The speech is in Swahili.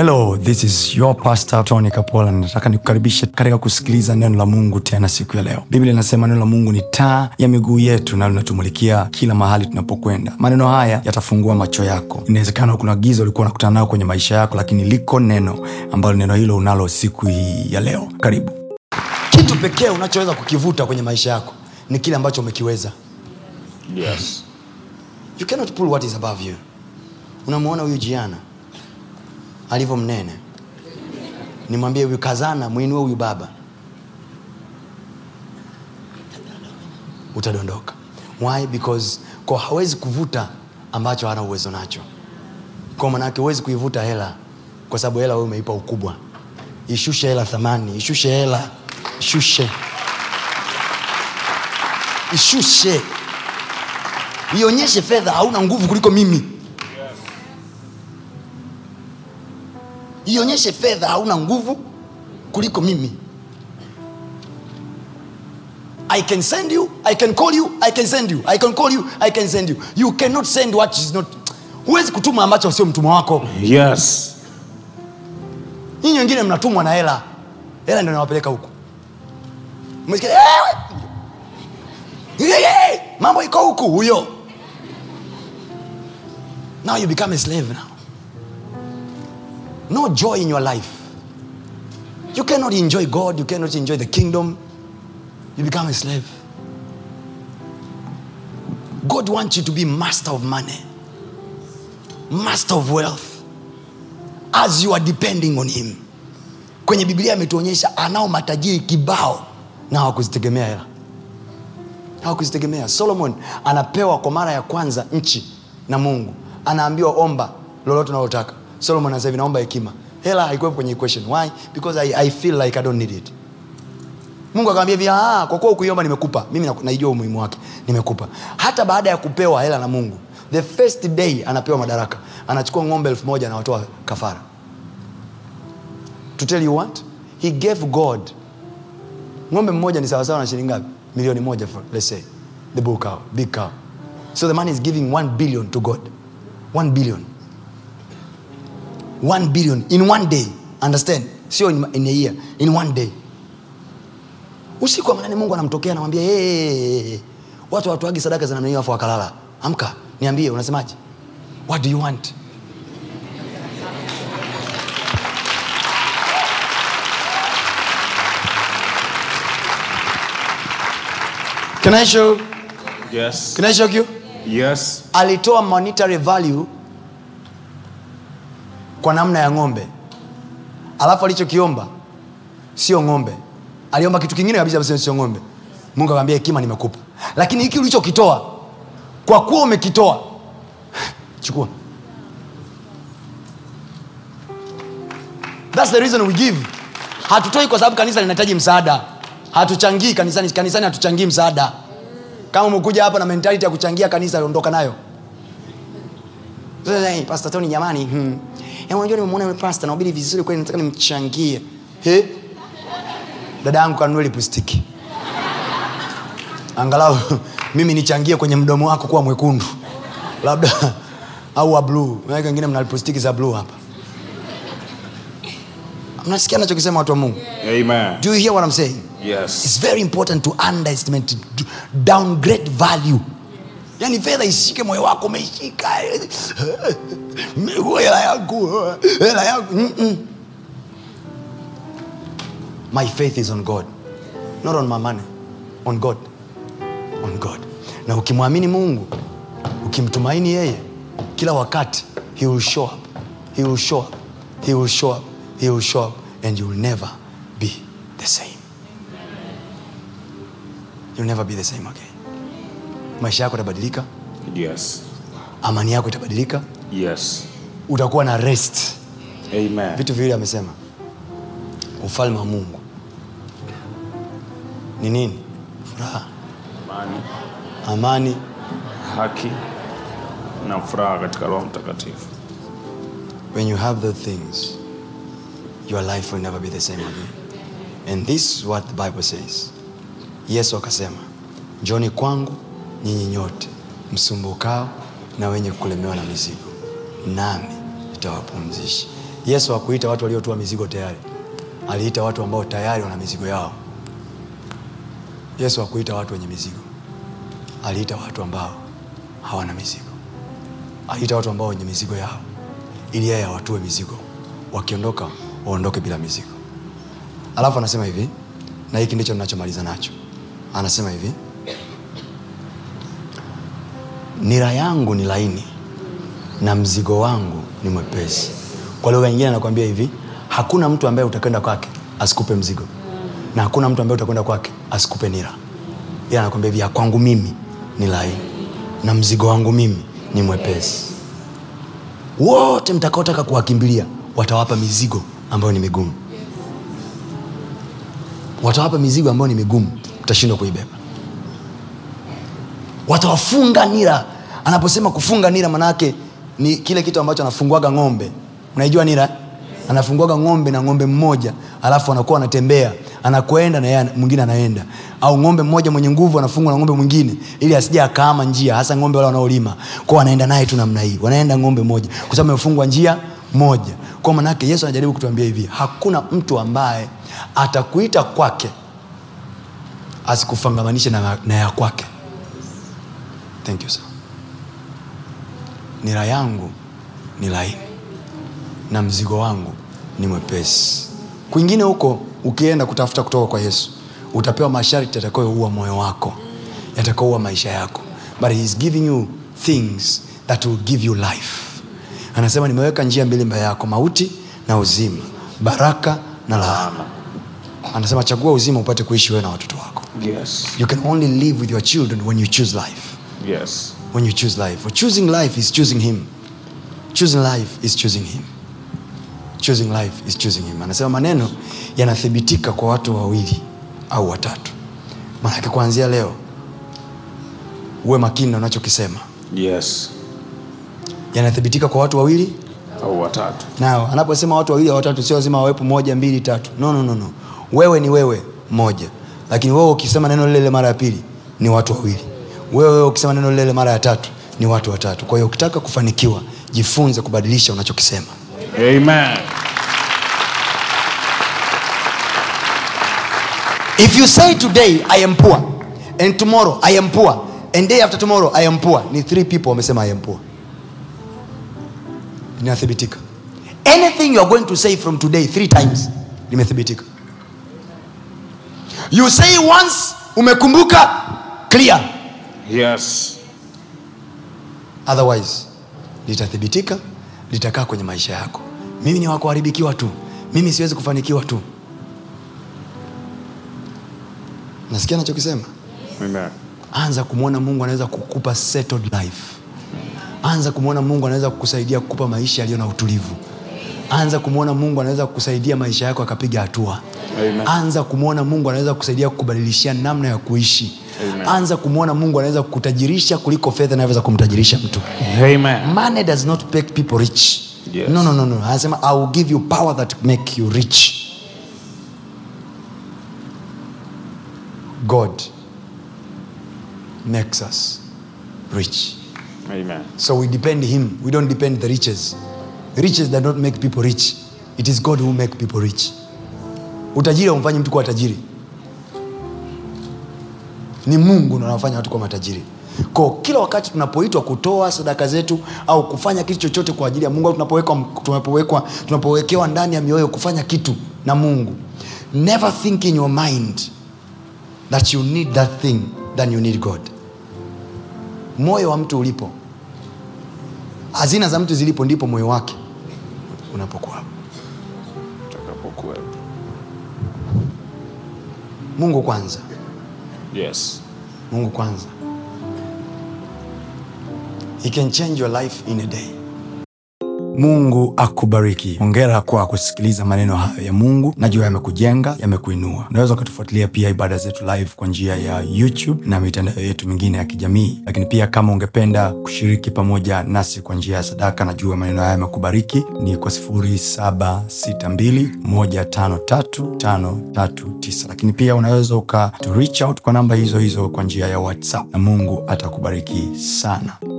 hello this is your pastor tony kapola nataka nikukaribishe katika kusikiliza neno la mungu tena siku ya leo biblia inasema neno la mungu ni taa ya miguu yetu na linatumulikia kila mahali tunapokwenda maneno haya yatafungua macho yako inawezekana kuna giza ulikuwa unakutana nayo kwenye maisha yako lakini liko neno ambalo neno hilo unalo siku hii ya leo karibu kitu pekee unachoweza kukivuta kwenye maisha yako ni kile ambacho umekiweza yes. you cannot pull what is above you unamwona huyu jiana alivyo mnene nimwambie huyu kazana mwinue huyu baba utadondoka why because ko hawezi kuvuta ambacho hana uwezo nacho kwa manaake huwezi kuivuta hela kwa sababu hela we umeipa ukubwa ishushe hela thamani ishushe hela ishushe ishushe ionyeshe fedha hauna nguvu kuliko mimi ionyeshe fedha hauna nguvu kuliko mimi i can send you i can call you i can send you i can call you i can send you you cannot send what is not huwezi kutuma ambacho sio mtumwa wako yes nyinyi wengine mnatumwa na hela hela ndio nawapeleka huku mambo iko huku huyo now you become a slave now no joy in your life. You cannot enjoy God, you cannot enjoy the kingdom. You become a slave. God wants you to be master of money, master of wealth, as you are depending on Him. Kwenye Biblia ametuonyesha anao matajiri kibao na hawakuzitegemea hela, hawakuzitegemea. Solomon anapewa kwa mara ya kwanza nchi na Mungu, anaambiwa omba lolote unalotaka Solomon anasema naomba hekima. Hela haikuwepo kwenye equation. Why? Because I, I feel like I don't need it. Mungu akamwambia hivi, ah, ah kwa kuwa ukuiomba nimekupa. Mimi naijua umuhimu wake, nimekupa. Hata baada ya kupewa hela na Mungu, the first day anapewa madaraka, anachukua ng'ombe elfu moja anawatoa kafara. To tell you what, he gave God ng'ombe mmoja ni sawasawa na shilingi ngapi? Milioni moja for, let's say the bull cow, big cow. So the man is giving 1 billion to God. 1 billion 1 billion in one day understand sio in, a year in one day usiku wa manane mungu anamtokea anamwambia hey, watu watuagi sadaka za namna hiyo afu wakalala amka niambie unasemaje what do you want Can I show? Yes. Can I show you? Yes. Alitoa monetary value kwa namna ya ng'ombe alafu alichokiomba sio ng'ombe aliomba kitu kingine kabisa sio ng'ombe mungu akamwambia hekima nimekupa lakini hiki ulichokitoa kwa kuwa umekitoa chukua That's the reason we give hatutoi kwa sababu kanisa linahitaji msaada hatuchangii kanisani kanisani hatuchangii msaada kama umekuja hapa na mentality ya kuchangia kanisa ondoka nayo pastor tony jamani hmm Eh, unajua nimemwona yule pasta nahubiri vizuri kweli nataka nimchangie hey? dada yangu kanunue lipstiki angalau mimi nichangie kwenye mdomo wako kuwa mwekundu labda au wa bluu maake wengine mna lipstiki za bluu hapa mnasikia anachokisema watu wa mungu Amen. do you hear what I'm saying yes. it's very important to underestimate to downgrade value yani fedha ishike moyo wako umeishika hela yangu hela yangu mm, mm. my faith is on god not on my money on god on god na ukimwamini mungu ukimtumaini yeye kila wakati he will show up he will show up he will show up he will show up and you will never be the same you'll never be the same again okay? maisha yako yatabadilika yes. amani yako itabadilika yes. utakuwa na rest Amen. vitu viwili amesema ufalme wa mungu ni nini furaha amani, amani. haki na furaha katika roho mtakatifu when you have those things your life will never be the same again and this is what the bible says yesu akasema njoni kwangu nyinyi nyote msumbukao na wenye kulemewa na mizigo, nami nitawapumzisha. Yesu hakuita watu waliotua mizigo tayari, aliita watu ambao tayari wana mizigo yao. Yesu hakuita watu wenye mizigo, aliita watu ambao hawana mizigo. Aliita watu ambao wenye mizigo yao ili yeye awatue mizigo, wakiondoka waondoke bila mizigo. Alafu anasema hivi, na hiki ndicho ninachomaliza nacho, anasema hivi nira yangu ni laini na mzigo wangu ni mwepesi kwa lugha nyingine anakwambia hivi hakuna mtu ambaye utakwenda kwake asikupe mzigo na hakuna mtu ambaye utakwenda kwake asikupe nira ila anakwambia hivi kwangu mimi ni laini na mzigo wangu mimi ni mwepesi wote mtakaotaka kuwakimbilia watawapa mizigo ambayo ni migumu watawapa mizigo ambayo ni migumu mtashindwa kuibeba watawafunga nira anaposema kufunga nira manaake ni kile kitu ambacho anafungwaga ng'ombe unaijua nira anafungwaga ng'ombe na ng'ombe mmoja alafu anakuwa anatembea anakwenda na mwingine anaenda au ng'ombe mmoja mwenye nguvu anafungwa na ng'ombe mwingine ili asija akaama njia hasa ng'ombe wale wanaolima kwao anaenda naye tu namna hii wanaenda ng'ombe moja kwa sababu amefungwa njia moja kwa manake yesu anajaribu kutuambia hivi hakuna mtu ambaye atakuita kwake asikufangamanishe na, na ya kwake Thank you sir. Nira yangu ni laini na mzigo wangu ni mwepesi. Kwingine huko ukienda kutafuta kutoka kwa Yesu utapewa masharti yatakayoua moyo wako, yatakayoua maisha yako, but he is giving you things that will give you life. Anasema nimeweka njia mbili mbele yako, mauti na uzima, baraka na laana. Anasema chagua uzima upate kuishi wewe na watoto wako. Yes. You can only live with your children when you choose life. Yes. When you choose life. For choosing life is choosing Him. Choosing life is choosing Him. Choosing life is choosing Him. Anasema maneno yanathibitika kwa watu wawili au watatu. Maanake kuanzia leo uwe makini na unachokisema. Yes. Yanathibitika kwa watu wawili au watatu. Na anaposema watu wawili au watatu, sio lazima wawepo moja, mbili, tatu. No, no, no, no. Wewe ni wewe moja, lakini wewe ukisema neno lile lile mara ya pili ni watu wawili wewe ukisema neno lile mara ya tatu ni watu watatu kwa hiyo ukitaka kufanikiwa jifunze kubadilisha unachokisema Amen. if you say today i am poor and tomorrow i am poor and day after tomorrow i am poor ni three people wamesema i am poor linathibitika anything you are going to say from today three times limethibitika you say once umekumbuka clear Yes. Otherwise litathibitika, litakaa kwenye maisha yako. Mimi ni wakuharibikiwa tu, mimi siwezi kufanikiwa tu. Nasikia anachokisema. Anza kumwona Mungu anaweza kukupa settled life. Anza kumwona Mungu anaweza kukusaidia kukupa maisha yaliyo na utulivu. Anza kumwona Mungu anaweza kukusaidia maisha yako akapiga hatua. Anza kumwona Mungu anaweza kukusaidia kukubadilishia namna ya kuishi Amen. anza kumwona mungu anaweza kutajirisha kuliko fedha inavyoweza kumtajirisha mtu Amen. money does not make people rich yes. no, no, no, no. anasema i will give you power that make you rich god makes us rich Amen. so we depend him we don't depend the riches riches that don't make people rich it is god who make people rich utajiri haumfanyi mtu kuwa tajiri ni mungu nanawafanya watu kwa matajiri ko kila wakati tunapoitwa kutoa sadaka zetu au kufanya kitu chochote kwa ajili ya mungu tunapowekwa tunapowekewa ndani ya mioyo kufanya kitu na mungu never think in your mind that you need that thing than you need god moyo wa mtu ulipo hazina za mtu zilipo ndipo moyo wake unapokuwa mungu kwanza Yes. Mungu kwanza. He can change your life in a day. Mungu akubariki. Hongera kwa kusikiliza maneno hayo ya Mungu, najua yamekujenga, yamekuinua. Unaweza ukatufuatilia pia ibada zetu live kwa njia ya YouTube na mitandao yetu mingine ya kijamii, lakini pia kama ungependa kushiriki pamoja nasi kwa njia ya sadaka, najua maneno hayo yamekubariki, ni kwa 0762153539 lakini pia unaweza ukatu reach out kwa namba hizo hizo kwa njia ya WhatsApp na Mungu atakubariki sana.